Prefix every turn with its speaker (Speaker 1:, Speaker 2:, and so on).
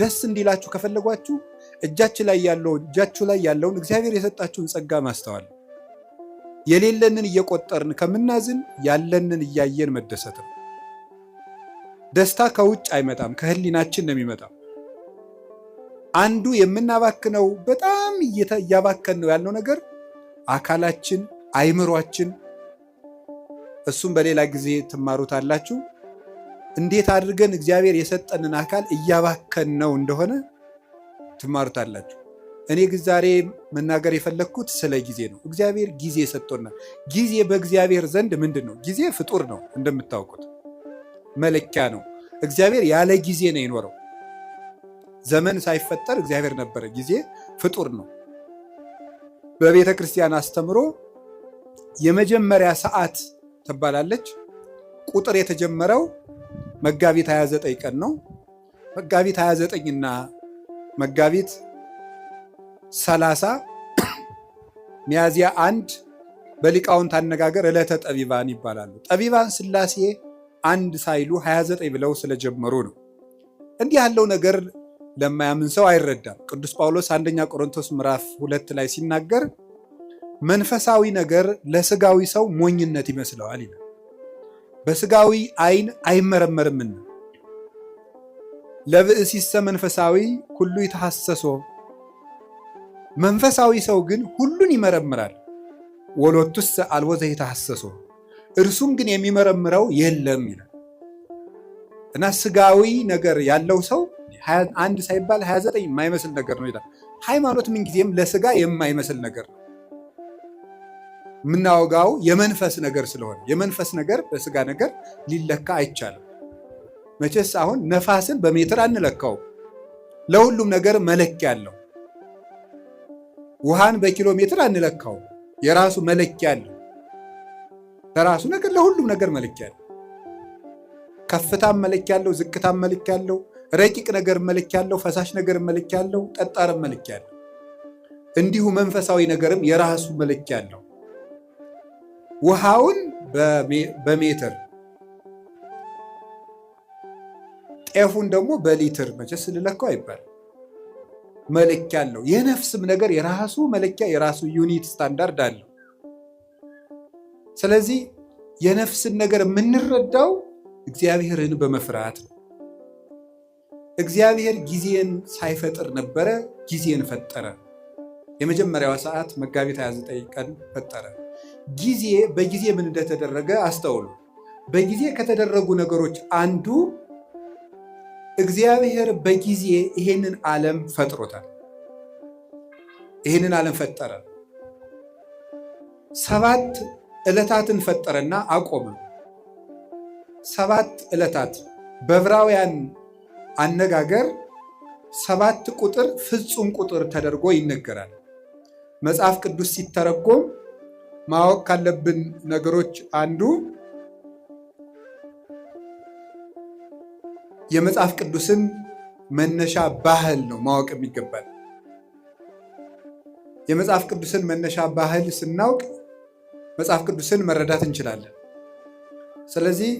Speaker 1: ደስ እንዲላችሁ ከፈለጓችሁ እጃችሁ ላይ ያለው እጃችሁ ላይ ያለውን እግዚአብሔር የሰጣችሁን ጸጋ ማስተዋል፣ የሌለንን እየቆጠርን ከምናዝን ያለንን እያየን መደሰት ነው። ደስታ ከውጭ አይመጣም፣ ከህሊናችን ነው የሚመጣው። አንዱ የምናባክነው በጣም እያባከን ነው ያለው ነገር አካላችን፣ አይምሯችን እሱም በሌላ ጊዜ ትማሩታላችሁ። እንዴት አድርገን እግዚአብሔር የሰጠንን አካል እያባከን ነው እንደሆነ ትማሩታላችሁ። እኔ ግን ዛሬ መናገር የፈለግኩት ስለ ጊዜ ነው። እግዚአብሔር ጊዜ ሰጥቶናል። ጊዜ በእግዚአብሔር ዘንድ ምንድን ነው? ጊዜ ፍጡር ነው እንደምታውቁት፣ መለኪያ ነው። እግዚአብሔር ያለ ጊዜ ነው የኖረው። ዘመን ሳይፈጠር እግዚአብሔር ነበረ። ጊዜ ፍጡር ነው። በቤተ ክርስቲያን አስተምሮ የመጀመሪያ ሰዓት ትባላለች። ቁጥር የተጀመረው መጋቢት 29 ቀን ነው። መጋቢት 29 እና መጋቢት 30 ሚያዚያ አንድ በሊቃውንት አነጋገር ዕለተ ጠቢባን ይባላሉ። ጠቢባን ስላሴ አንድ ሳይሉ 29 ብለው ስለጀመሩ ነው። እንዲህ ያለው ነገር ለማያምን ሰው አይረዳም። ቅዱስ ጳውሎስ አንደኛ ቆሮንቶስ ምዕራፍ ሁለት ላይ ሲናገር መንፈሳዊ ነገር ለስጋዊ ሰው ሞኝነት ይመስለዋል ይላል። በስጋዊ አይን አይመረመርምና ለብእሲሰ መንፈሳዊ ሁሉ ይተሐሰሶ መንፈሳዊ ሰው ግን ሁሉን ይመረምራል። ወሎቱስ አልወዘ ይተሐሰሶ እርሱም ግን የሚመረምረው የለም ይላል እና ስጋዊ ነገር ያለው ሰው አንድ ሳይባል 29 የማይመስል ነገር ነው ይላል። ሃይማኖት ምንጊዜም ለስጋ የማይመስል ነገር ነው። የምናወጋው የመንፈስ ነገር ስለሆነ የመንፈስ ነገር በስጋ ነገር ሊለካ አይቻልም። መቼስ አሁን ነፋስን በሜትር አንለካውም። ለሁሉም ነገር መለኪያ አለው። ውሃን በኪሎ ሜትር አንለካውም። የራሱ መለኪያ አለው። ለራሱ ነገር ለሁሉም ነገር መለኪያ አለው። ከፍታም መለኪያ አለው፣ ዝቅታም መለኪያ አለው፣ ረቂቅ ነገር መለኪያ አለው፣ ፈሳሽ ነገር መለኪያ አለው፣ ጠጣርም መለኪያ አለው። እንዲሁ መንፈሳዊ ነገርም የራሱ መለኪያ አለው። ውሃውን በሜትር ጤፉን ደግሞ በሊትር መቼ ስልለካው አይባል መለኪያ አለው። የነፍስም ነገር የራሱ መለኪያ የራሱ ዩኒት ስታንዳርድ አለው። ስለዚህ የነፍስን ነገር የምንረዳው እግዚአብሔርን በመፍራት ነው። እግዚአብሔር ጊዜን ሳይፈጥር ነበረ፣ ጊዜን ፈጠረ። የመጀመሪያው ሰዓት መጋቢት 29 ቀን ፈጠረ። ጊዜ በጊዜ ምን እንደተደረገ አስተውሉ። በጊዜ ከተደረጉ ነገሮች አንዱ እግዚአብሔር በጊዜ ይሄንን ዓለም ፈጥሮታል። ይሄንን ዓለም ፈጠረ። ሰባት ዕለታትን ፈጠረና አቆመ። ሰባት ዕለታት በዕብራውያን አነጋገር ሰባት ቁጥር ፍጹም ቁጥር ተደርጎ ይነገራል። መጽሐፍ ቅዱስ ሲተረጎም ማወቅ ካለብን ነገሮች አንዱ የመጽሐፍ ቅዱስን መነሻ ባህል ነው ማወቅ የሚገባል። የመጽሐፍ ቅዱስን መነሻ ባህል ስናውቅ መጽሐፍ ቅዱስን መረዳት እንችላለን። ስለዚህ